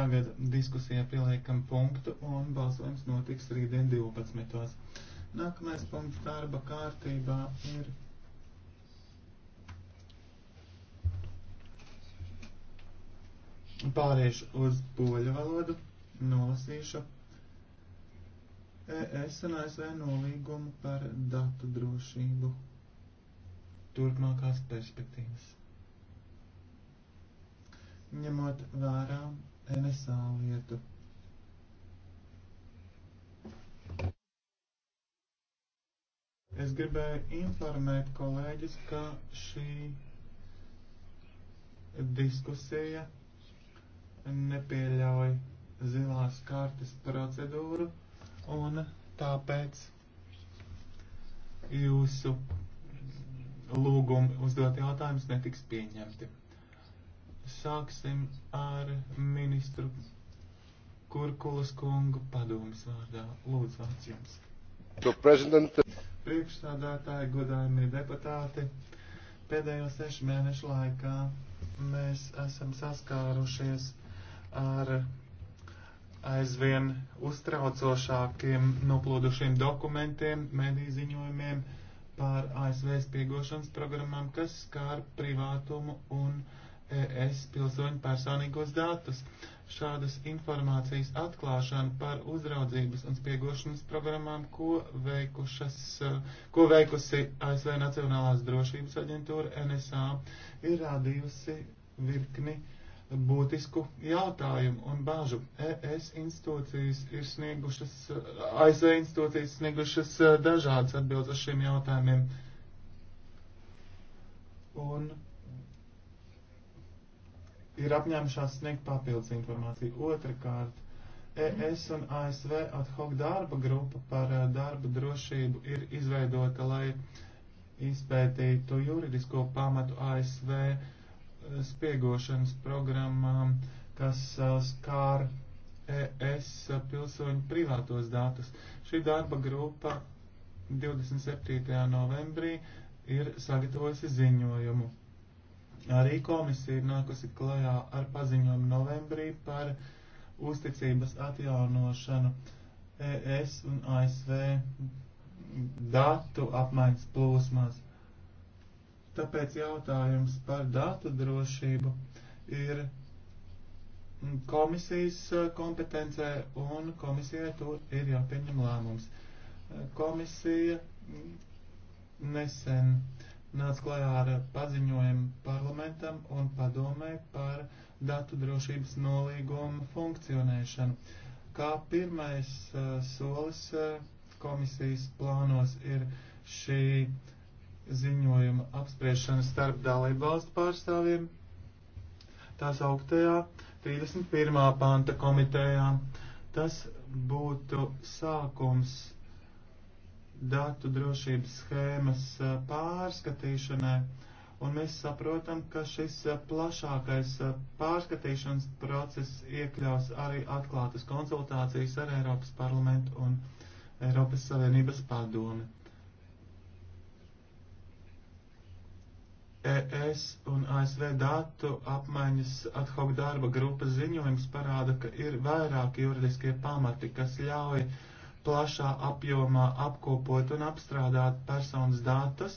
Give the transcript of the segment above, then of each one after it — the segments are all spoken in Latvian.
Tagad diskusijai pieliekam punktu un balsojums notiks rītdien 12. Nākamais punkts darba kārtībā ir. Pāriešu uz poļu valodu, nolasīšu ES un ASV nolīgumu par datu drošību turpmākās perspektīvas. Ņemot vērā NSA lietu. Es gribēju informēt kolēģis, ka šī diskusija nepieļauj zilās kartes procedūru un tāpēc jūsu lūgumi uzdot jautājumus netiks pieņemti. Sāksim ar ministru Kurkulas kungu padomas vārdā. Lūdzu, vārds jums. Priekšstādātāji, godājumie deputāti, pēdējo sešu mēnešu laikā mēs esam saskārušies ar aizvien uztraucošākiem noplūdušiem dokumentiem, mediju ziņojumiem par ASV spiegošanas programmām, kas skār privātumu un ES pilsoņu personīgos datus. Šādas informācijas atklāšana par uzraudzības un spiegošanas programmām, ko, veikušas, ko veikusi ASV Nacionālās drošības aģentūra NSA, ir rādījusi virkni būtisku jautājumu un bāžu. ES institūcijas ir sniegušas, ASV institūcijas sniegušas dažādas atbildes uz šiem jautājumiem. Un ir apņēmušās sniegt papildus informāciju. Otrakārt, ES un ASV ad hoc darba grupa par eh, darba drošību ir izveidota, lai izpētītu juridisko pamatu ASV eh, spiegošanas programmām, kas eh, skār ES pilsoņu privātos datus. Šī darba grupa 27. novembrī ir sagatavojusi ziņojumu Arī komisija ir nākusi klajā ar paziņojumu novembrī par uzticības atjaunošanu ES un ASV datu apmaiņas plūsmās. Tāpēc jautājums par datu drošību ir komisijas kompetencē un komisijai tur ir jāpieņem lēmums. Komisija nesen nāca klajā ar paziņojumu parlamentam un padomē par datu drošības nolīgumu funkcionēšanu. Kā pirmais uh, solis uh, komisijas plānos ir šī ziņojuma apspriešana starp dalību valstu pārstāvjiem, tās augtajā 31. panta komitejā. Tas būtu sākums datu drošības schēmas pārskatīšanai, un mēs saprotam, ka šis plašākais pārskatīšanas process iekļaus arī atklātas konsultācijas ar Eiropas parlamentu un Eiropas Savienības padomi. ES un ASV datu apmaiņas ad hoc darba grupas ziņojums parāda, ka ir vairāki juridiskie pamati, kas ļauj uh, plašā apjomā apkopot un apstrādāt personas datus,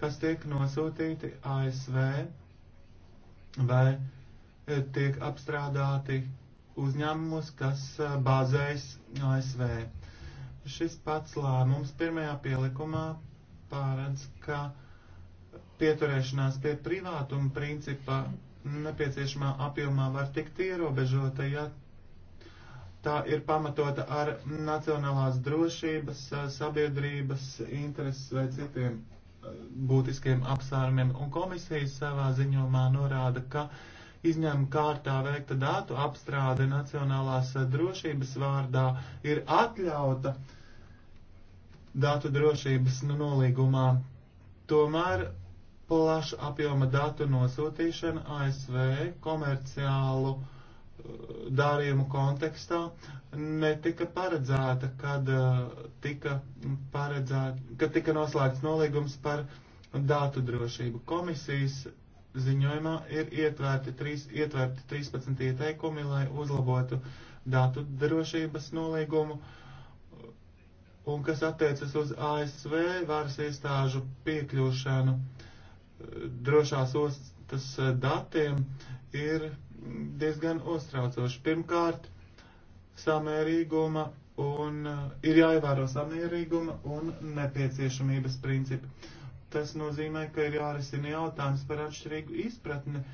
kas tiek nosūtīti ASV vai e, tiek apstrādāti uzņēmumus, kas e, bāzējas ASV. Šis pats lēmums pirmajā pielikumā pārēdz, ka pieturēšanās pie privātuma principa nepieciešamā apjomā var tikt ierobežota, ja tā ir pamatota ar nacionālās drošības, sabiedrības intereses vai citiem būtiskiem apsvērumiem. Un komisija savā ziņomā norāda, ka izņēmuma kārtā veikta datu apstrāde nacionālās drošības vārdā ir atļauta datu drošības nu, nolīgumā. Tomēr plaša apjoma datu nosūtīšana ASV komerciālu uh, darījumu kontekstā netika paredzēta, kad uh, tika, paredzēta, kad tika noslēgts nolīgums par datu drošību. Komisijas ziņojumā ir ietverti, trīs, ietverti 13 ieteikumi, lai uzlabotu datu drošības nolīgumu. Un kas attiecas uz ASV varas iestāžu piekļūšanu eh, drošās ostas eh, datiem, ir diezgan uztraucoši. Pirmkārt, samērīguma un eh, ir jāievēro samērīguma un nepieciešamības principi. Tas nozīmē, ka ir jārisina jautājums par atšķirīgu izpratni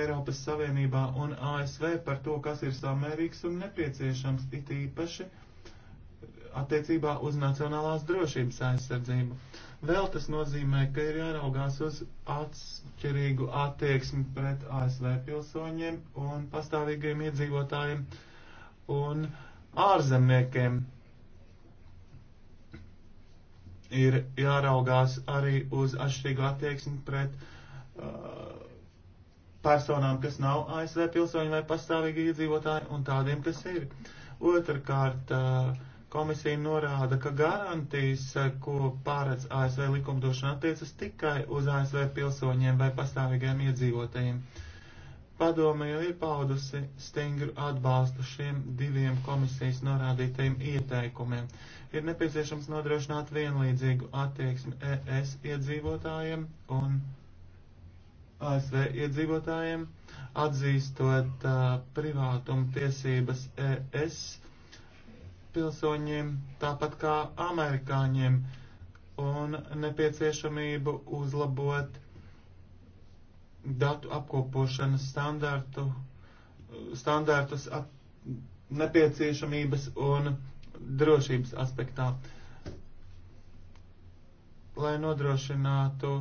Eiropas Savienībā un ASV par to, kas ir samērīgs un nepieciešams, it īpaši attiecībā uz nacionālās drošības aizsardzību. Vēl tas nozīmē, ka ir jāraugās uz atšķirīgu attieksmi pret ASV pilsoņiem un pastāvīgiem iedzīvotājiem un ārzemniekiem. Ir jāraugās arī uz atšķirīgu attieksmi pret uh, personām, kas nav ASV pilsoņi vai pastāvīgi iedzīvotāji un tādiem, kas ir. Otrakārt, uh, Komisija norāda, ka garantijas, eh, ko pārēc ASV likumdošana attiecas tikai uz ASV pilsoņiem vai pastāvīgiem iedzīvotājiem. Padome jau ir paudusi stingru atbalstu šiem diviem komisijas norādītajiem ieteikumiem. Ir nepieciešams nodrošināt vienlīdzīgu attieksmi ES iedzīvotājiem un ASV iedzīvotājiem, atzīstot uh, eh, privātumu tiesības ES pilsoņiem, tāpat kā amerikāņiem, un nepieciešamību uzlabot datu apkopošanas standartu, standartus at, nepieciešamības un drošības aspektā, lai nodrošinātu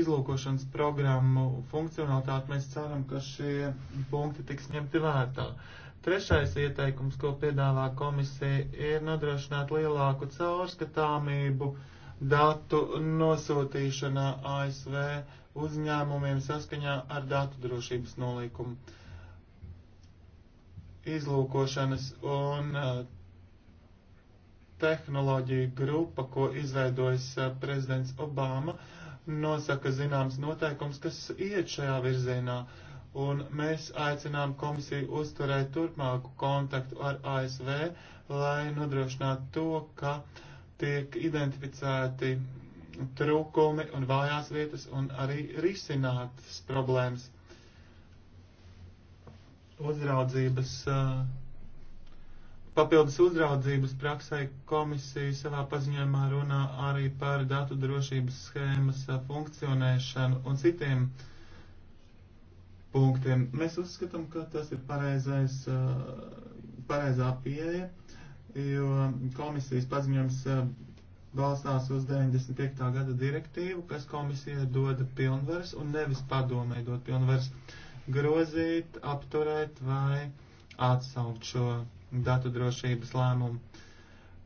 izlūkošanas programmu funkcionalitāti, mēs ceram, ka šie punkti tiks ņemti vērtā. Uh, Trešais ieteikums, ko piedāvā komisija, ir nodrošināt lielāku caurskatāmību datu nosūtīšanā ASV uzņēmumiem saskaņā ar datu drošības nolīkumu. Izlūkošanas un uh, tehnoloģiju grupa, ko izveidojas uh, prezidents Obama, nosaka zināms noteikums, kas iet šajā virzienā. Uh, un mēs aicinām komisiju uzturēt turpmāku kontaktu ar ASV, lai nodrošinātu to, ka tiek identificēti trūkumi un vājās vietas un arī risinātas problēmas. Uzraudzības, papildus uzraudzības praksē komisija savā paziņojumā runā arī par datu drošības schēmas funkcionēšanu un citiem uh, punktiem. Mēs uzskatām, ka tas ir pareizais, pareizā pieeja, jo komisijas paziņojums balstās uz 95. gada direktīvu, kas komisija doda pilnvaras un nevis padomē dod pilnvaras grozīt, apturēt vai atsaukt šo datu drošības lēmumu.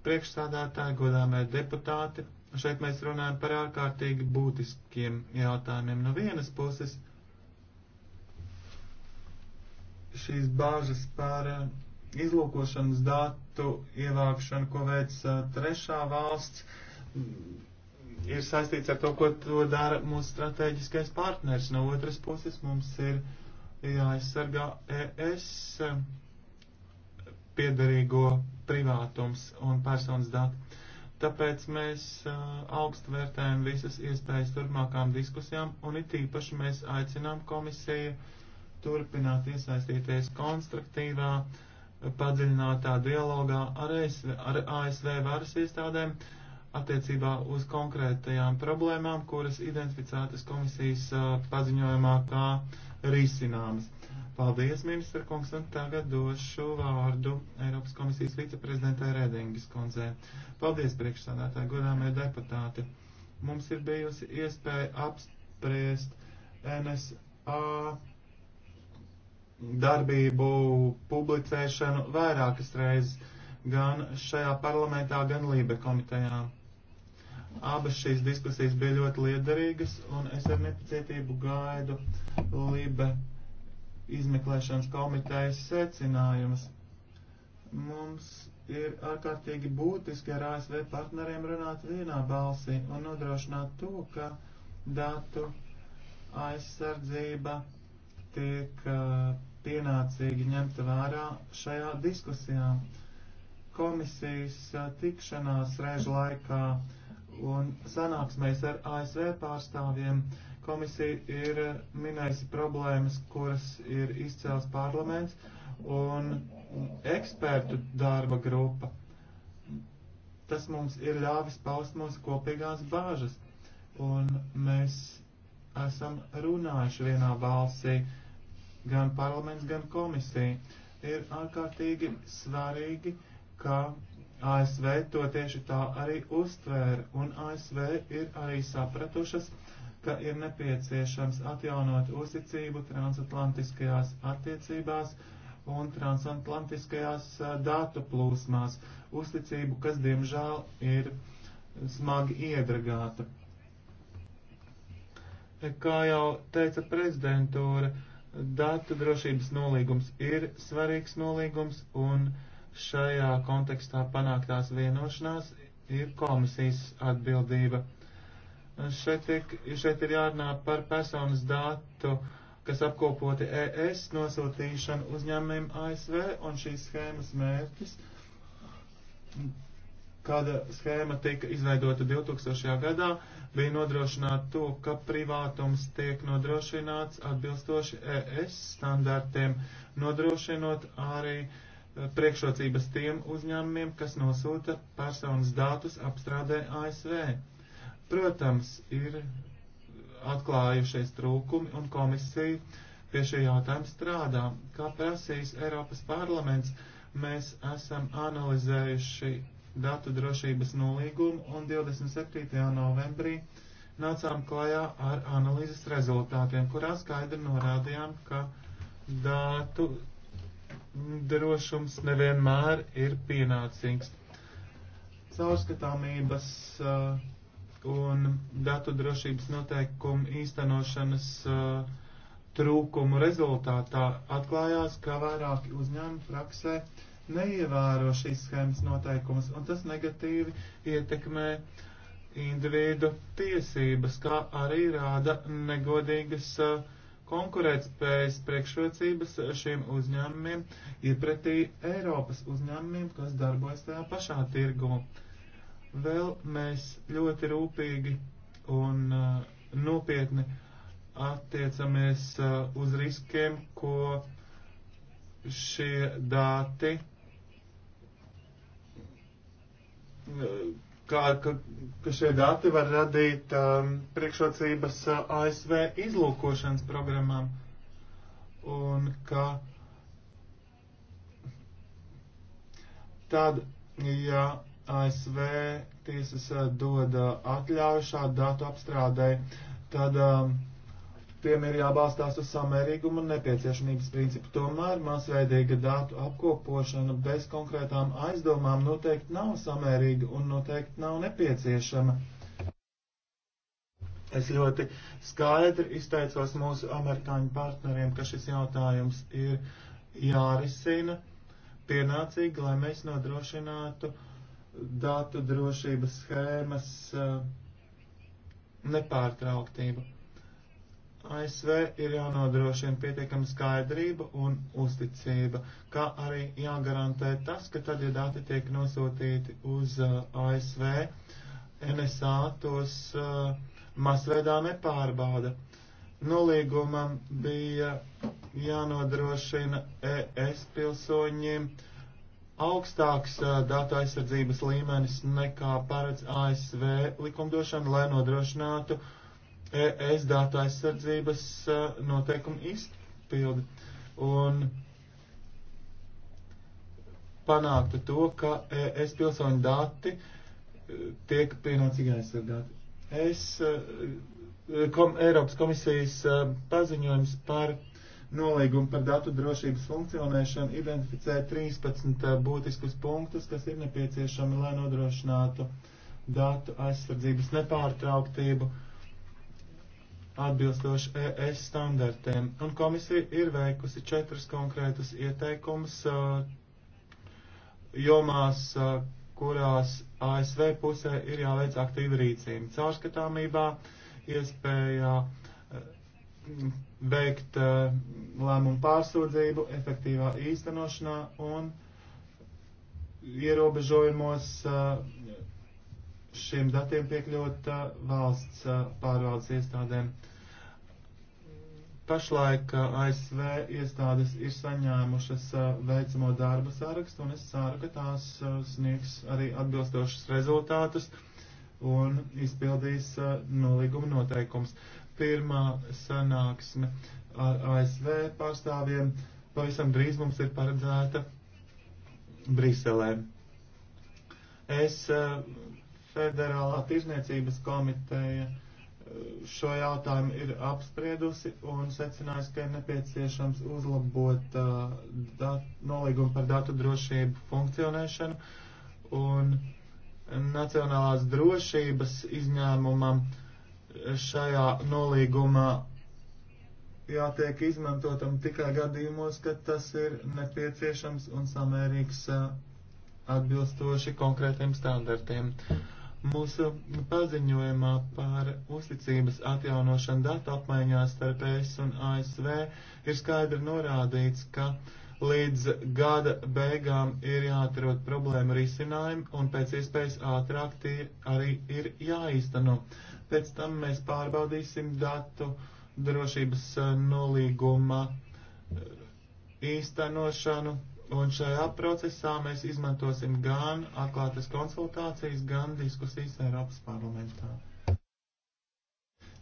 Priekšstādātāji, godāmie deputāti, šeit mēs runājam par ārkārtīgi būtiskiem jautājumiem. No vienas puses šīs bāžas par eh, izlūkošanas datu ievākšanu, ko veic eh, trešā valsts, mm, ir saistīts ar to, ko to dara mūsu strateģiskais partners. No otras puses mums ir jāaizsargā ES eh, piedarīgo privātums un personas dati. Tāpēc mēs augstu vērtējam visas iespējas turpmākām diskusijām un it īpaši mēs aicinām komisiju uh, turpināt iesaistīties konstruktīvā, padziļinātā dialogā ar ASV, ar ASV varas iestādēm attiecībā uz konkrētajām problēmām, kuras identificētas komisijas paziņojumā kā risināmas. Paldies, ministra kungs, un tagad došu vārdu Eiropas komisijas viceprezidentē Redingas kundzē. Paldies, priekšsādātāji, godāmie deputāti. Mums ir bijusi iespēja apspriest NSA darbību publicēšanu vairākas reizes gan šajā parlamentā, gan Lībe komitejā. Abas šīs diskusijas bija ļoti liederīgas, un es ar nepacietību gaidu Lībe izmeklēšanas komitejas secinājumus. Mums ir ārkārtīgi būtiski ar ASV partneriem runāt vienā balsī un nodrošināt to, ka datu aizsardzība tiek pienācīgi ņemta vērā šajā diskusijā. Komisijas tikšanās reža laikā un sanāksmēs ar ASV pārstāvjiem komisija ir minējusi problēmas, kuras ir izcēls parlaments un ekspertu darba grupa. Tas mums ir ļāvis paust mūsu kopīgās bāžas, un mēs esam runājuši vienā balsī gan parlaments, gan komisija. Ir ārkārtīgi svarīgi, ka ASV to tieši tā arī uztvēra, un ASV ir arī sapratušas, ka ir nepieciešams atjaunot uzticību transatlantiskajās attiecībās un transatlantiskajās datu plūsmās, uzticību, kas diemžēl ir smagi iedragāta. Kā jau teica prezidentūra, Datu drošības nolīgums ir svarīgs nolīgums, un šajā kontekstā panāktās vienošanās ir komisijas atbildība. Šeit, tiek, šeit ir jārunā par personas datu, kas apkopoti ES nosūtīšanu uzņēmumiem ASV, un šīs schēmas mērķis kāda schēma tika izveidota 2000. gadā, bija nodrošināt to, ka privātums tiek nodrošināts atbilstoši ES standartiem, nodrošinot arī eh, priekšrocības tiem uzņēmumiem, kas nosūta personas datus apstrādē ASV. Protams, ir atklājušies trūkumi un komisija pie šī jautājuma strādā. Kā prasīs Eiropas parlaments, mēs esam analizējuši datu drošības nolīgumu un 27. novembrī nācām klajā ar analīzes rezultātiem, kurā skaidri norādījām, ka datu drošums nevienmēr ir pienācīgs. Caurskatāmības uh, un datu drošības noteikumu īstenošanas uh, trūkumu rezultātā atklājās, ka vairāki uzņēmumi praksē uh, neievēro šīs schēmas noteikumus, un tas negatīvi ietekmē individu tiesības, kā arī rāda negodīgas konkurētspējas priekšrocības šiem uzņēmumiem iepretī Eiropas uzņēmumiem, kas darbojas tajā pašā tirgu. Vēl mēs ļoti rūpīgi un uh, nopietni attiecamies uh, uz riskiem, ko šie dati kā, ka, ka šie dati var radīt um, priekšrocības uh, ASV izlūkošanas programmām un ka tad, ja ASV tiesas uh, dod uh, atļauju šādu datu apstrādē, tad um, uh, Tiem ir jābalstās uz samērīguma un nepieciešamības principu. Tomēr masveidīga datu apkopošana bez konkrētām aizdomām noteikti nav samērīga un noteikti nav nepieciešama. Es ļoti skaidri izteicos mūsu amerikāņu partneriem, ka šis jautājums ir jārisina pienācīgi, lai mēs nodrošinātu datu drošības schēmas uh, nepārtrauktību. ASV ir jānodrošina pietiekama skaidrība un uzticība, kā arī jāgarantē tas, ka tad, ja dati tiek nosūtīti uz uh, ASV, NSA tos uh, masveidā nepārbauda. Nolīgumam bija jānodrošina ES pilsoņiem augstāks uh, datu aizsardzības līmenis nekā paredz ASV likumdošana, lai nodrošinātu uh, ES datu aizsardzības eh, noteikumu izpildi un panāktu to, ka ES pilsoņu dati eh, tiek pienācīgi aizsargāti. Es, eh, kom, Eiropas komisijas paziņojums par nolīgumu par datu drošības funkcionēšanu identificē 13 būtiskus punktus, kas ir nepieciešami, lai nodrošinātu datu aizsardzības nepārtrauktību. Uh, atbilstoši ES standartiem. Un komisija ir veikusi četrus konkrētus ieteikumus jomās, kurās ASV pusē ir jāveic aktīva rīcība. Caurskatāmībā, iespējā veikt lēmumu pārsūdzību, efektīvā īstenošanā un ierobežojumos šiem datiem piekļūt valsts pārvaldes iestādēm. Pašlaik ASV iestādes ir saņēmušas veicamo darba sārakstu, un es ceru, ka tās sniegs arī atbilstošus rezultātus un izpildīs nolīguma noteikums. Pirmā sanāksme ar ASV pārstāvjiem pavisam drīz mums ir paredzēta Briselē. Es uh, Federālā tirzniecības komiteja eh, šo jautājumu ir apspriedusi un secinājusi, ka ir nepieciešams uzlabot uh, dat, nolīgumu par datu drošību funkcionēšanu un nacionālās drošības izņēmumam šajā nolīgumā jātiek izmantotam tikai gadījumos, kad tas ir nepieciešams un samērīgs uh, atbilstoši konkrētiem standartiem. Uh, Mūsu paziņojumā par uzticības atjaunošanu datu apmaiņā starp ES un ASV ir skaidri norādīts, ka līdz gada beigām ir jāatrod problēmu risinājumi un pēc iespējas ātrāk tie arī ir jāīsteno. Pēc tam mēs pārbaudīsim datu drošības eh, nolīguma eh, īstenošanu Un šajā procesā mēs izmantosim gan atklātas konsultācijas, gan diskusijas Eiropas parlamentā.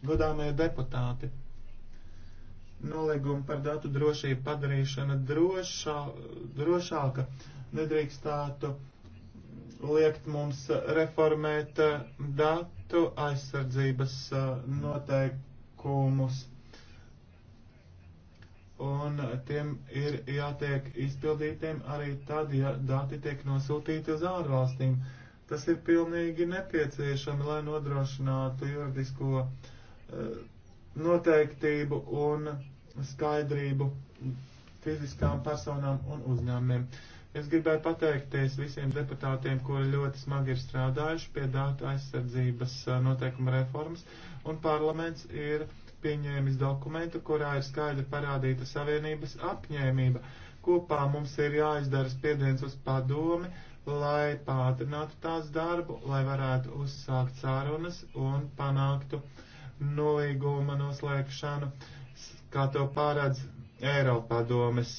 Godāmie deputāti, nolīguma par datu drošību padarīšana drošā, drošāka nedrīkstātu liekt mums reformēt datu aizsardzības uh, noteikumus un eh, tiem ir jātiek izpildītiem arī tad, ja dati tiek nosūtīti uz ārvalstīm. Tas ir pilnīgi nepieciešami, lai nodrošinātu juridisko uh, noteiktību un skaidrību fiziskām personām un uzņēmumiem. Es gribēju pateikties visiem deputātiem, kuri ļoti smagi ir strādājuši pie datu aizsardzības eh, noteikuma reformas, un parlaments ir uh, pieņēmis dokumentu, kurā ir skaidri parādīta Savienības apņēmība. Kopā mums ir jāizdara spiediens uz padomi, lai pātrinātu tās darbu, lai varētu uzsākt sārunas un panāktu nolīguma noslēgšanu, kā to pārādz Eiropadomes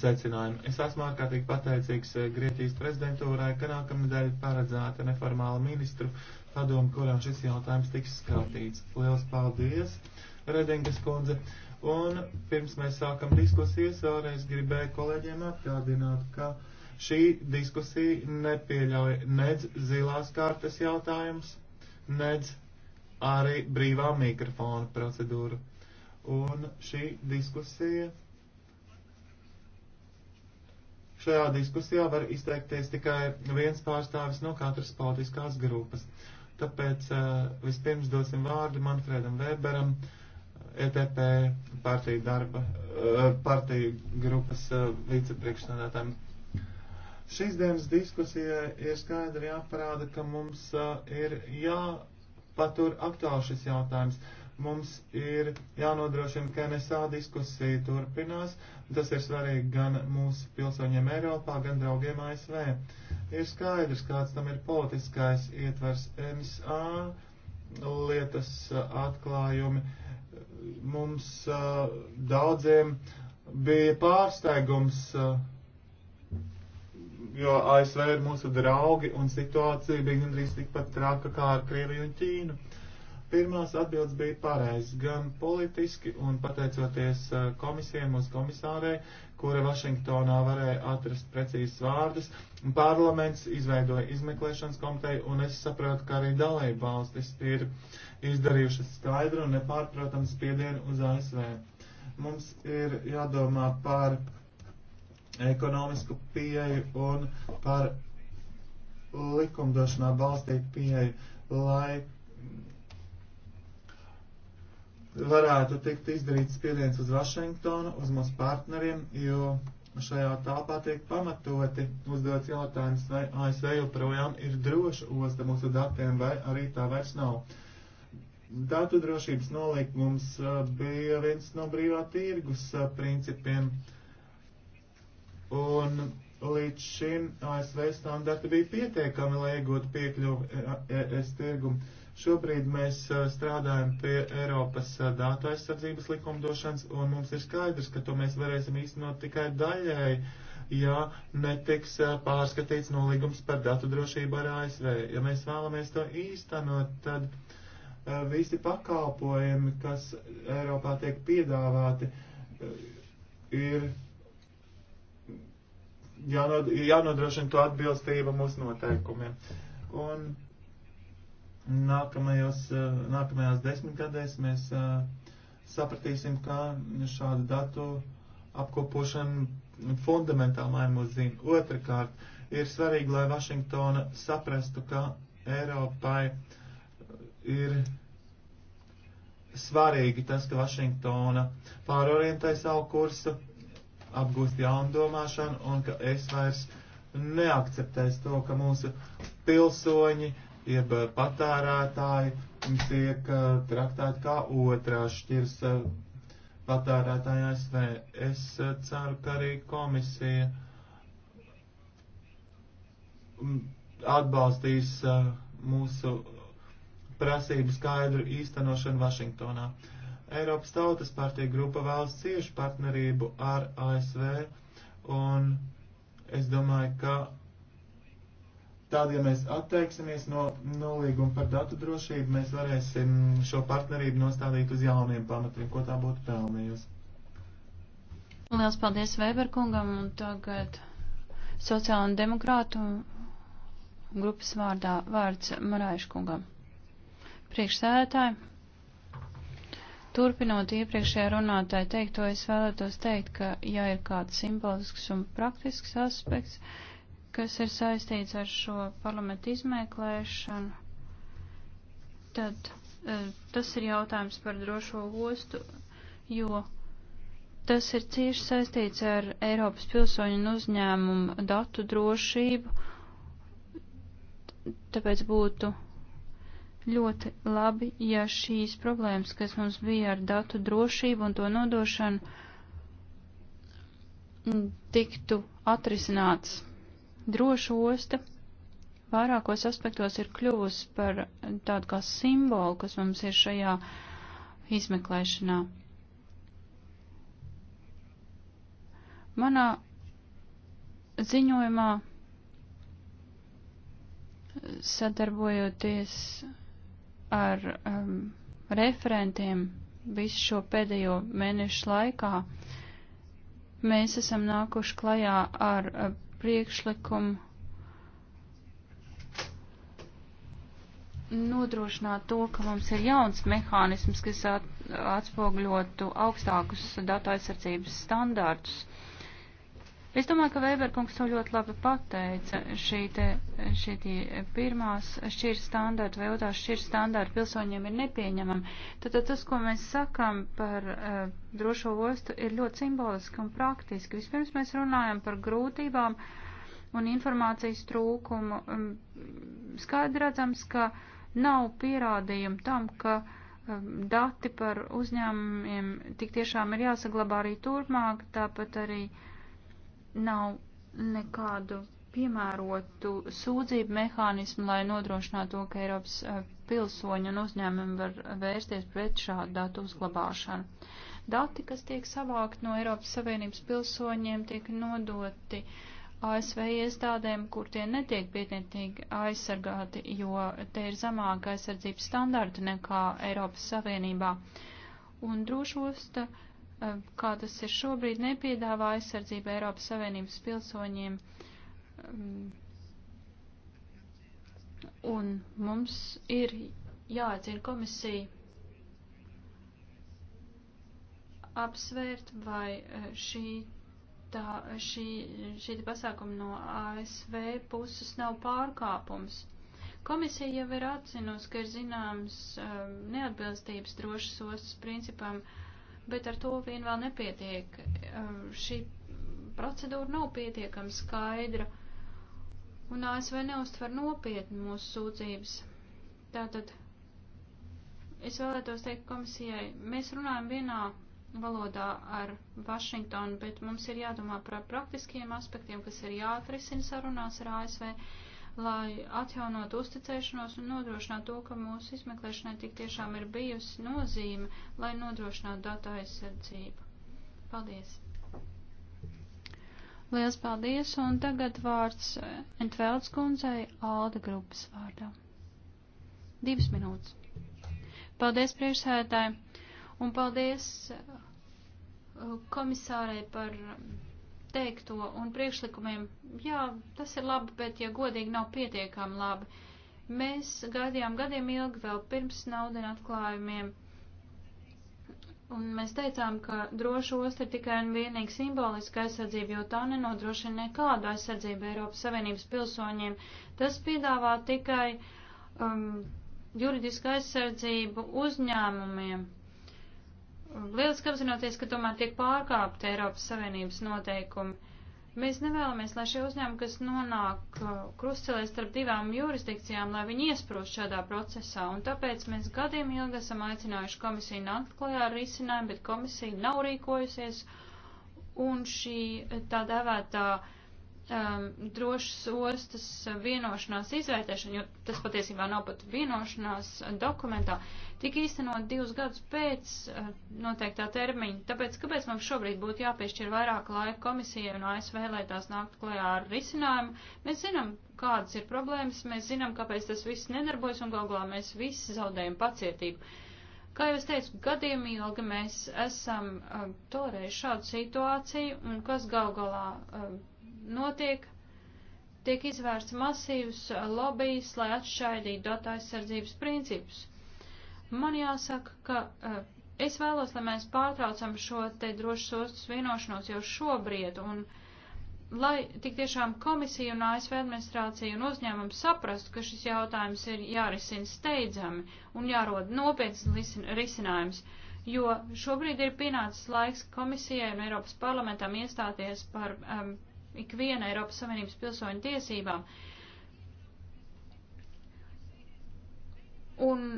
secinājumu. Es esmu ārkārtīgi pateicīgs eh, Grieķijas prezidentūrai, ka nākamnedēļ paredzēta neformāla ministru padomu, kurā šis jautājums tiks skatīts. Lielas paldies, Redingas kundze! Un pirms mēs sākam diskusijas, vēlreiz gribēju kolēģiem atgādināt, ka šī diskusija nepieļauj nedz zilās kārtas jautājums, nedz arī brīvā mikrofona procedūru. Un šī diskusija Šajā diskusijā var izteikties tikai viens pārstāvis no katras politiskās grupas. Tāpēc vispirms dosim vārdu Manfredam Weberam, ETP partiju darba, partiju grupas vicepriekšnādātājiem. Šīs dienas diskusija ir skaidri jāparāda, ka mums ir jāpatur aktuāli šis jautājums mums ir jānodrošina, ka NSA diskusija turpinās. Tas ir svarīgi gan mūsu pilsoņiem Eiropā, gan draugiem ASV. Ir skaidrs, kāds tam ir politiskais ietvers NSA lietas atklājumi. Mums daudziem bija pārsteigums, jo ASV ir mūsu draugi un situācija bija gandrīz tikpat traka kā ar Krieviju un Ķīnu. Pirmās atbildes bija pareizas gan politiski un pateicoties komisijai, mūsu komisārai, kura Vašingtonā varēja atrast precīzas vārdus. Parlaments izveidoja izmeklēšanas komiteju, un es saprotu, ka arī dalība valstis ir izdarījušas skaidru un nepārprotamu spiedienu uz ASV. Mums ir jādomā par ekonomisku pieeju un par likumdošanā balstītu pieeju, lai varētu tikt izdarīts spiediens uz Vašingtonu, uz mūsu partneriem, jo šajā tālpā tiek pamatoti uzdots jautājums, vai ASV joprojām ir droša osta mūsu datiem, vai arī tā vairs nav. Datu drošības nolīgums uh, bija viens no brīvā tirgus uh, principiem, un līdz šim ASV standarti bija pietiekami, lai iegūtu piekļuvu uh, ES tirgumu Šobrīd mēs strādājam pie Eiropas datu aizsardzības likumdošanas, un mums ir skaidrs, ka to mēs varēsim īstenot tikai daļēji, ja netiks pārskatīts nolīgums par datu drošību ar ASV. Ja mēs vēlamies to īstenot, tad visi pakalpojumi, kas Eiropā tiek piedāvāti, ir jānodrošina to atbilstība mūsu noteikumiem. Un Nākamajos, eh, nākamajās desmitgadēs mēs eh, sapratīsim, kā šādu datu apkopošana fundamentāli maimuzina. Otrakārt, ir svarīgi, lai Vašingtona saprastu, ka Eiropai eh, ir svarīgi tas, ka Vašingtona pārorientē savu kursu, apgūst jaunu domāšanu un ka es vairs neakceptēs to, ka mūsu pilsoņi uh, jeb eh, patērētāji tiek eh, traktēti kā otrā šķirs eh, patērētāja ASV. Es ceru, ka arī komisija mm, atbalstīs mūsu prasību skaidru īstenošanu Vašingtonā. Eiropas Tautas partija grupa vēlas ciešu partnerību ar ASV, un es domāju, ka Tad, ja mēs atteiksimies no nolīguma par datu drošību, mēs varēsim šo partnerību nostādīt uz jauniem pamatiem, ko tā būtu pelnījusi. Lielas paldies Vēberkungam un tagad sociāla un demokrātu grupas vārdā vārds Maraiškungam. Priekšsēdētāji, turpinot iepriekšējā runātāja teikto, es vēlētos teikt, ka ja ir kāds simbolisks un praktisks aspekts, kas ir saistīts ar šo parlamentu izmeklēšanu, tad e, tas ir jautājums par drošo ostu, jo tas ir cieši saistīts ar Eiropas pilsoņu un uzņēmumu datu drošību, tāpēc būtu ļoti labi, ja šīs problēmas, kas mums bija ar datu drošību un to nodošanu, tiktu atrisināts. Droša osta vairākos aspektos ir kļuvusi par tādu kā simbolu, kas mums ir šajā izmeklēšanā. Manā ziņojumā sadarbojoties ar um, referentiem visu šo pēdējo mēnešu laikā, mēs esam nākuši klajā ar uh, priekšlikumu nodrošināt to, ka mums ir jauns mehānisms, kas atspogļotu augstākus datu aizsardzības standārtus. Es domāju, ka Vēberkungs to ļoti labi pateica. Šī, te, šī te pirmās šķiras standārta vai otrās šķiras standārta pilsoņiem ir nepieņemama. Tad, tad tas, ko mēs sakam par uh, drošo ostu, ir ļoti simboliski un praktiski. Vispirms mēs runājam par grūtībām un informācijas trūkumu. Um, skaidri redzams, ka nav pierādījumu tam, ka uh, dati par uzņēmumiem tik tiešām ir jāsaglabā arī turpmāk, tāpat arī uh, nav nekādu piemērotu sūdzību mehānismu, lai nodrošinātu to, ka Eiropas e, pilsoņi un uzņēmumi var vērsties pret šādu datu uzglabāšanu. Dati, kas tiek savākt no Eiropas Savienības pilsoņiem, tiek nodoti ASV iestādēm, kur tie netiek pietiekami aizsargāti, jo te ir zemāka aizsardzības standarta nekā Eiropas Savienībā. Un drošosta uh, Eh, kā tas ir šobrīd, nepiedāvā aizsardzību Eiropas Savienības pilsoņiem. Mm. Un mums ir jāatzina komisija apsvērt, vai eh, šī, tā, šī, šī pasākuma no ASV puses nav pārkāpums. Komisija jau ir atzinusi, ka ir zināms eh, neatbilstības drošas ostas principam uh, bet ar to vien vēl nepietiek. Ehm, šī procedūra nav pietiekami skaidra, un ASV neustver nopietni mūsu sūdzības. Tātad es vēlētos teikt komisijai, mēs runājam vienā valodā ar Vašingtonu, bet mums ir jādomā par praktiskiem aspektiem, kas ir jāatrisina sarunās ar ASV lai atjaunotu uzticēšanos un nodrošinātu to, ka mūsu izmeklēšanai tik tiešām ir bijusi nozīme, lai nodrošinātu datu aizsardzību. Paldies! Liels paldies, un tagad vārds Entvelds kundzei Alda grupas vārdā. Divas minūtes. Paldies priekšsēdētāji, un paldies uh, komisārai par teikto un priekšlikumiem, jā, tas ir labi, bet, ja godīgi, nav pietiekami labi. Mēs gaidījām gadiem ilgi vēl pirms naudina atklājumiem, un mēs teicām, ka droši osta ir tikai un vienīgi simboliska aizsardzība, jo tā nenodrošina nekādu aizsardzību Eiropas Savienības pilsoņiem. Tas piedāvā tikai um, juridisku aizsardzību uzņēmumiem, lieliski apzinoties, ka tomēr tiek pārkāpta Eiropas Savienības noteikumi. Mēs nevēlamies, lai šie uzņēmumi, kas nonāk uh, krustcelē starp divām jurisdikcijām, lai viņi iesprūst šādā procesā, un tāpēc mēs gadiem ilgi esam aicinājuši komisiju nākt klajā ar risinājumu, bet komisija nav rīkojusies, un šī tā devētā uh, um, drošas ostas vienošanās izvērtēšana, jo tas patiesībā nav pat vienošanās dokumentā, tika īstenot divus gadus pēc uh, noteiktā termiņa. Tāpēc, kāpēc mums šobrīd būtu jāpiešķir vairāk laika komisijai un ASV, lai tās nāktu klajā ar risinājumu? Mēs zinām, kādas ir problēmas, mēs zinām, kāpēc tas viss nedarbojas un galvā mēs visi zaudējam pacietību. Kā jau es teicu, gadiem ilgi mēs esam uh, toreiz šādu situāciju, un kas gal galā uh, notiek, tiek izvērsts masīvs uh, lobbyis, lai atšķaidītu datu aizsardzības principus. Man jāsaka, ka uh, es vēlos, lai mēs pārtraucam šo te drošas ostas vienošanos jau šobrīd un lai tik tiešām komisija un ASV administrācija un uzņēmumi saprastu, ka šis jautājums ir jārisina steidzami un jārod nopietnas risinājums jo šobrīd ir pienācis laiks komisijai un Eiropas parlamentam iestāties par um, ikviena Eiropas Savienības pilsoņa tiesībām. Un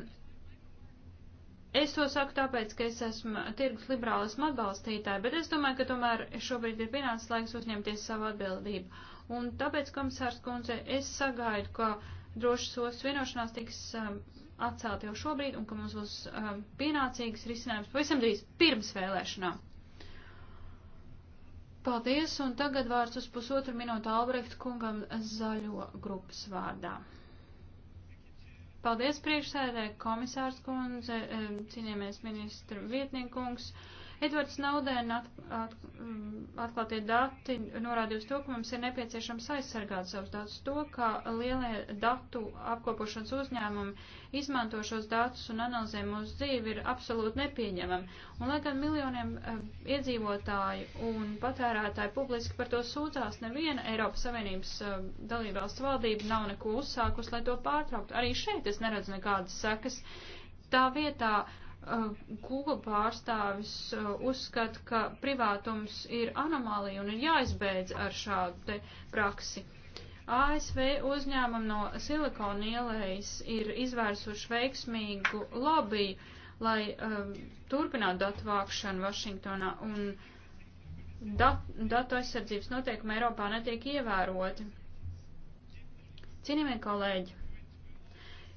Es to saku tāpēc, ka es esmu tirgus liberālismu atbalstītāja, bet es domāju, ka tomēr šobrīd ir pienācis laiks uzņemties savu atbildību. Un tāpēc, komisārs kundze, es sagaidu, ka drošas ostas vienošanās tiks um, atcelt jau šobrīd un ka mums būs um, pienācīgs risinājums pavisam drīz pirms vēlēšanām. Paldies, un tagad vārds uz pusotru minūtu Albrecht kungam zaļo grupas vārdā. Paldies priekšsēdē, komisārs kundze, eh, cienījamies ministra vietniekungs. kungs. Edvards Naudēna at, at, mm, atklātie dati norādīja uz to, ka mums ir nepieciešams aizsargāt savus datus. To, ka lielie datu apkopošanas uzņēmumi izmanto šos datus un analizē mūsu dzīvi, ir absolūti nepieņemami. Un, lai gan miljoniem uh, eh, iedzīvotāju un patērētāju publiski par to sūdzās, neviena Eiropas Savienības uh, dalībvalsts valdība nav neko uzsākus, lai to pārtrauktu. Arī šeit es neredzu nekādas sekas. Tā vietā Google um, pārstāvis uh, uzskata, ka privātums ir anomālija un ir jāizbeidz ar šādu te praksi. ASV uzņēmumi no Silikona ielējas ir izvērsuši veiksmīgu lobiju, lai um, turpinātu datu vākšanu Vašingtonā, un dat, datu aizsardzības noteikumi Eiropā netiek ievēroti. Cienījamie kolēģi,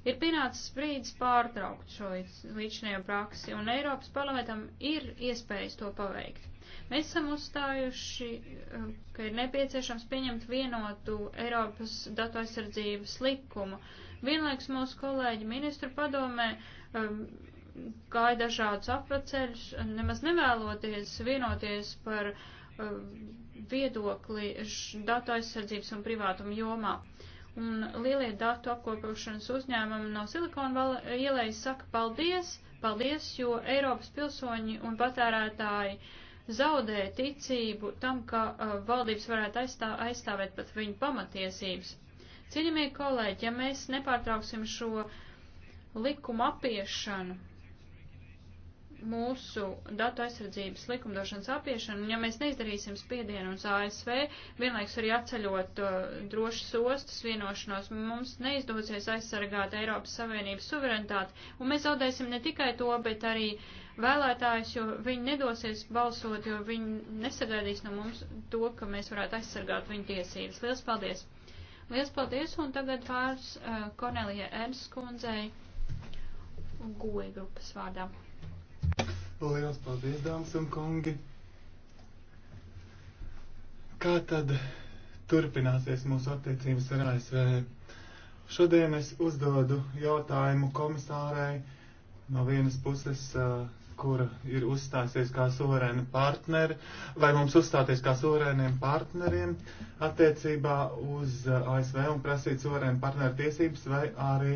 Ir pienācis brīdis pārtraukt šo līdzinējo praksi, un Eiropas parlamentam ir iespējas to paveikt. Mēs esam uzstājuši, uh, ka ir nepieciešams pieņemt vienotu Eiropas datu aizsardzības likumu. Vienlaiks mūsu kolēģi ministru padomē um, gāja dažādus apveceļus, nemaz nevēloties vienoties par um, viedokli datu aizsardzības un privātuma jomā. Uh, Un lielie datu apkopošanas uzņēmumi no Silikona eh, ielējas saka paldies, paldies, jo Eiropas pilsoņi un patērētāji zaudē ticību tam, ka uh, valdības varētu aizstā, aizstāvēt pat viņu pamatiesības. Cienījamie kolēģi, ja mēs nepārtrauksim šo likumu apiešanu, mūsu datu aizsardzības likumdošanas apiešanu, un ja mēs neizdarīsim spiedienu uz ASV, vienlaiks arī atceļot uh, drošas ostas vienošanos, mums neizdosies aizsargāt Eiropas Savienības suverenitāti, un mēs zaudēsim ne tikai to, bet arī vēlētājus, jo viņi nedosies balsot, jo viņi nesagaidīs no mums to, ka mēs varētu aizsargāt viņu tiesības. Lielas paldies! Lielas paldies, un tagad vārds uh, Kornelija Ernst kundzei. Goja grupas vārdā. Lielas paldies, dāmas un kungi! Kā tad turpināsies mūsu attiecības ar ASV? Šodien es uzdodu jautājumu komisārai no vienas puses, uh, kura ir uzstāsies kā suverēna partneri, vai mums uzstāties kā suverēniem partneriem attiecībā uz uh, ASV un prasīt suverēnu partneru tiesības, vai arī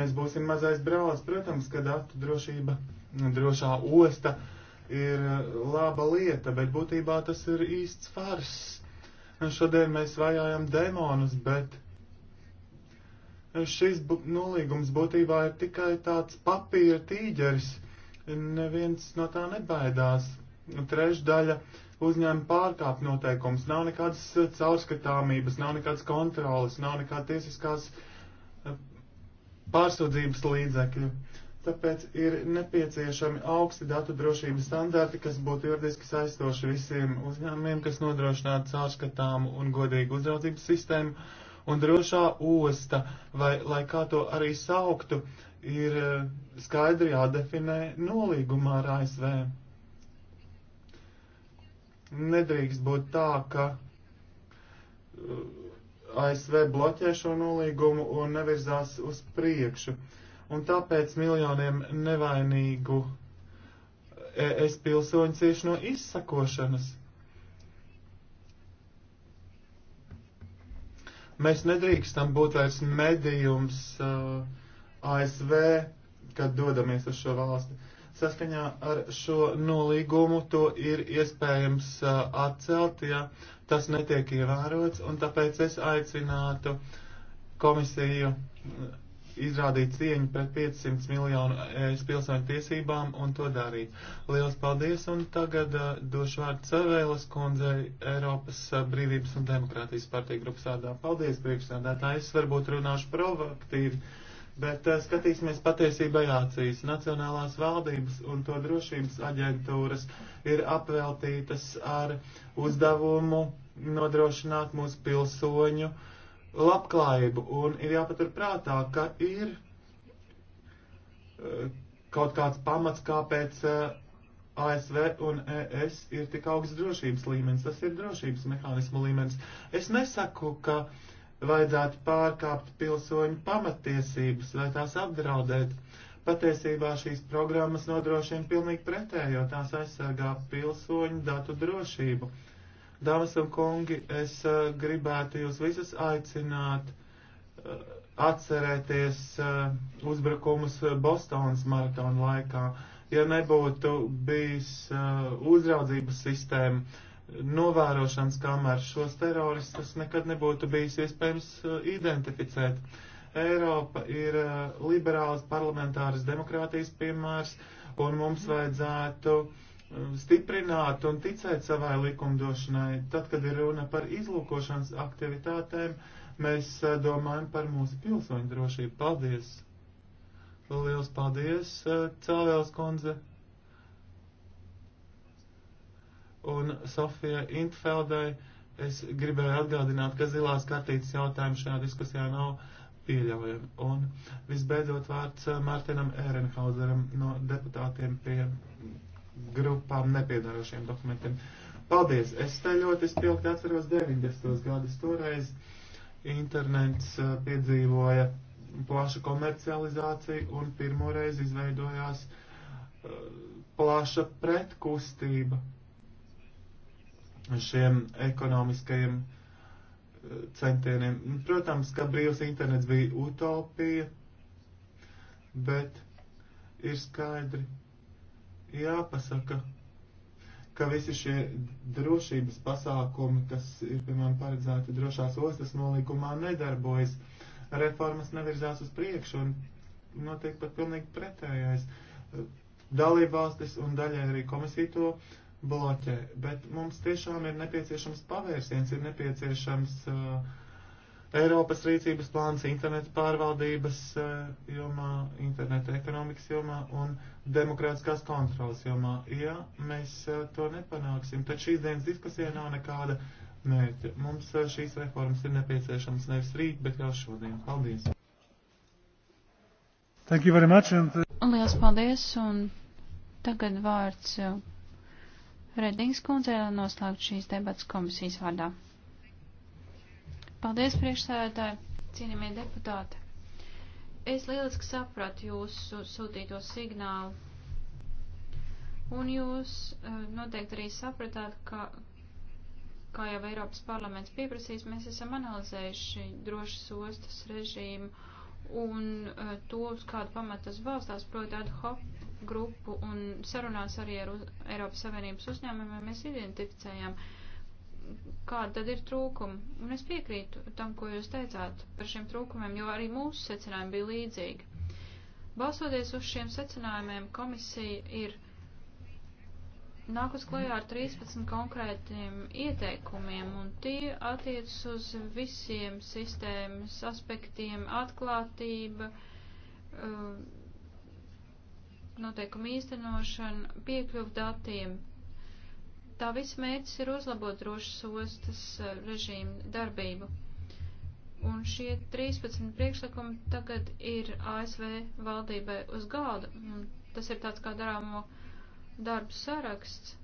mēs būsim mazais brālis. Protams, ka datu drošība drošā osta ir eh, laba lieta, bet būtībā tas ir īsts fars. Šodien mēs vajājam demonus, bet šis bu nolīgums būtībā ir tikai tāds papīra tīģeris. Neviens no tā nebaidās. Trešdaļa uzņēma pārkāpt noteikums, nav nekādas eh, caurskatāmības, nav nekādas kontrolas, nav nekādas tiesiskās eh, pārsūdzības līdzekļu. Tāpēc ir nepieciešami augsti datu drošības standarti, kas būtu juridiski saistoši visiem uzņēmumiem, kas nodrošinātu caurskatāmu un godīgu uzraudzības sistēmu. Un drošā osta, vai lai kā to arī sauktu, ir eh, skaidri jādefinē nolīgumā ar ASV. Nedrīkst būt tā, ka eh, ASV bloķē šo nolīgumu un nevirzās uz priekšu. Uh, un tāpēc miljoniem nevainīgu e, es pilsoņu cieši no izsakošanas. Mēs nedrīkstam būt vairs medījums uh, ASV, kad dodamies uz šo valsti. Saskaņā ar šo nolīgumu to ir iespējams uh, atcelt, ja tas netiek ievērots, un tāpēc es aicinātu komisiju izrādīt cieņu pret 500 miljonu ES pilsoņu tiesībām un to darīt. Lielas paldies un tagad uh, došu vārdu Savēlas kundzei Eiropas uh, Brīvības un Demokrātijas partija grupas vārdā. Paldies, priekšsādātāji. Es varbūt runāšu provokatīvi. Bet uh, skatīsimies patiesībai acīs. Nacionālās valdības un to drošības aģentūras ir apveltītas ar uzdevumu nodrošināt mūsu pilsoņu uh, labklājību, un ir jāpatur prātā, ka ir eh, kaut kāds pamats, kāpēc eh, ASV un ES ir tik augsts drošības līmenis. Tas ir drošības mehānismu līmenis. Es nesaku, ka vajadzētu pārkāpt pilsoņu pamatiesības vai tās apdraudēt. Patiesībā šīs programmas nodrošina pilnīgi pretējo, tās aizsargā pilsoņu datu drošību. Uh, Dāmas un kungi, es uh, gribētu jūs visus aicināt uh, atcerēties uh, uzbrukumus Bostonas maratona laikā. Ja nebūtu bijis uh, uzraudzības sistēma, novērošanas kameras, šos teroristus nekad nebūtu bijis iespējams uh, identificēt. Eiropa ir uh, liberālas parlamentāras demokrātijas piemērs, un mums vajadzētu uh, stiprināt un ticēt savai likumdošanai. Tad, kad ir runa par izlūkošanas aktivitātēm, mēs eh, domājam par mūsu pilsoņu drošību. Paldies! Liels paldies, eh, Cāvēls kundze! Un Sofija Intfeldai es gribēju atgādināt, ka zilās kartītes jautājumu šajā diskusijā nav pieļaujami. Un visbeidzot vārds eh, Mārtinam Ērenhauseram no deputātiem pie grupām nepiedarošiem dokumentiem. Paldies! Es te ļoti spilgti atceros 90. gadus. Toreiz internets eh, piedzīvoja plašu komercializāciju un pirmoreiz izveidojās eh, plaša pretkustība šiem ekonomiskajiem eh, centieniem. Protams, ka brīvs internets bija utopija, bet ir skaidri, jāpasaka, ka visi šie drošības pasākumi, kas ir, piemēram, paredzēti drošās ostas nolīgumā, nedarbojas. Reformas nevirzās uz priekšu un notiek pat pilnīgi pretējais. Dalībvalstis un daļai arī komisija to bloķē, bet mums tiešām ir nepieciešams pavērsiens, ir nepieciešams uh, Eiropas rīcības plāns interneta pārvaldības eh, jomā, interneta ekonomikas jomā un demokrātiskās kontrolas jomā. Ja mēs eh, to nepanāksim, tad šīs dienas diskusijā nav nekāda mērķa. Mums eh, šīs reformas ir nepieciešamas nevis rīt, bet jau šodien. Paldies! Thank you very much. And... Uh, Lielas paldies, un tagad vārds Redings kundzei, lai noslēgtu šīs debatas komisijas vārdā. Paldies, priekšsēdētāji, cienījamie deputāti. Es lieliski sapratu jūsu sūtīto signālu. Un jūs eh, noteikti arī sapratāt, ka, kā jau Eiropas parlaments pieprasīs, mēs esam analizējuši drošas ostas režīmu un uh, to, uz kādu pamatu tas balstās, proti ad hoc grupu un sarunās arī ar uz, Eiropas Savienības uzņēmumiem mēs identificējām uh, kāda tad ir trūkuma. Un es piekrītu tam, ko jūs teicāt par šiem trūkumiem, jo arī mūsu secinājumi bija līdzīgi. Balsoties uz šiem secinājumiem, komisija ir nākus klajā ar 13 konkrētiem ieteikumiem, un tie attiecas uz visiem sistēmas aspektiem - atklātība, um, noteikuma īstenošana, piekļuvu datiem, Tā visa mērķis ir uzlabot drošas ostas eh, režīmu darbību. Un šie 13 priekšlikumi tagad ir ASV valdībai uz galda. Tas ir tāds kā darāmo darbu saraksts.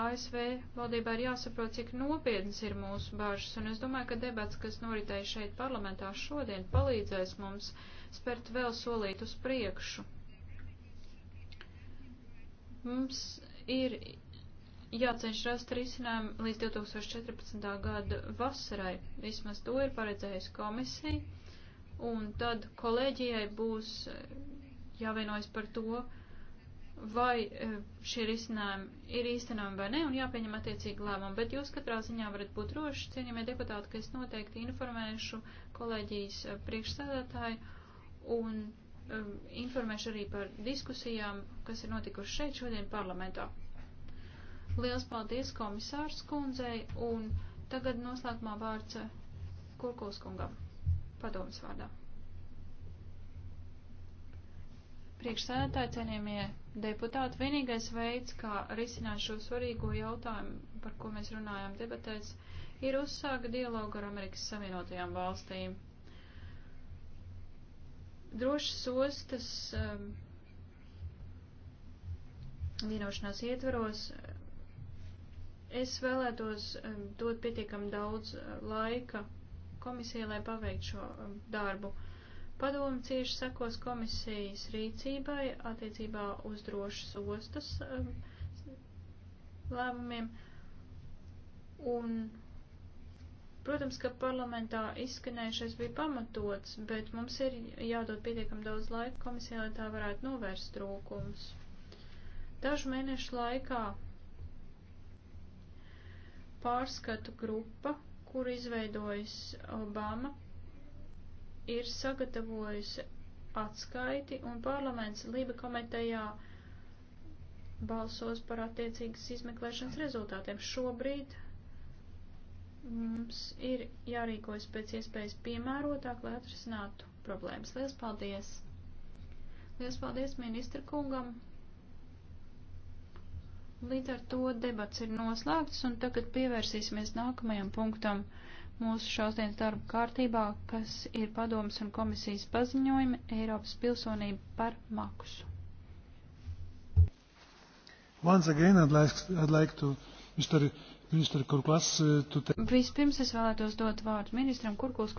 ASV valdībā ir jāsaprot, cik nopietnas ir mūsu bāžas, un es domāju, ka debats, kas noritēja šeit parlamentā šodien, palīdzēs mums spērt vēl solīt uz priekšu. Mums ir jāceņš rast risinājumu līdz 2014. gada vasarai. Vismaz to ir paredzējusi komisija, un tad kolēģijai būs eh, jāvienojas par to, vai eh, šie risinājumi ir īstenojami vai ne, un jāpieņem attiecīgi lēmumi. Bet jūs katrā ziņā varat būt droši, cienījamie deputāti, ka es noteikti informēšu kolēģijas eh, priekšsēdētāju un um, informēšu arī par diskusijām, kas ir notikušas šeit šodien parlamentā. Liels paldies komisārs kundzei un tagad noslēgumā vārds Kurkuls kungam padomas vārdā. Priekšsēdētāji, cienījamie deputāti, vienīgais veids, kā risināt šo svarīgo jautājumu, par ko mēs runājām debatēs, ir uzsāka dialogu ar Amerikas Savienotajām valstīm. Drošas ostas um, vienošanās ietveros Es vēlētos um, dot pietiekam daudz uh, laika komisijai, lai paveiktu šo um, darbu. Padomu cieši sekos komisijas rīcībai attiecībā uz drošas ostas um, lēmumiem. Un, protams, ka parlamentā izskanējušais bija pamatots, bet mums ir jādod pietiekam daudz laika komisijai, lai tā varētu novērst trūkumus. Dažu mēnešu laikā pārskatu grupa, kur izveidojas Obama, ir sagatavojusi atskaiti un parlaments Lība komitejā balsos par attiecīgas izmeklēšanas rezultātiem. Šobrīd mums ir jārīkojas pēc iespējas piemērotāk, lai atrisinātu problēmas. Lielas paldies! Lielas paldies ministra kungam! Līdz ar to debats ir noslēgts, un tagad pievērsīsimies nākamajam punktam mūsu šodienas darba kārtībā, kas ir padomas un komisijas paziņojumi Eiropas pilsonība par maksu. Once again, I'd like, I'd like to, Mr. Minister Kurklas, uh, to... Vispirms es vēlētos dot vārdu ministram Kurkulas.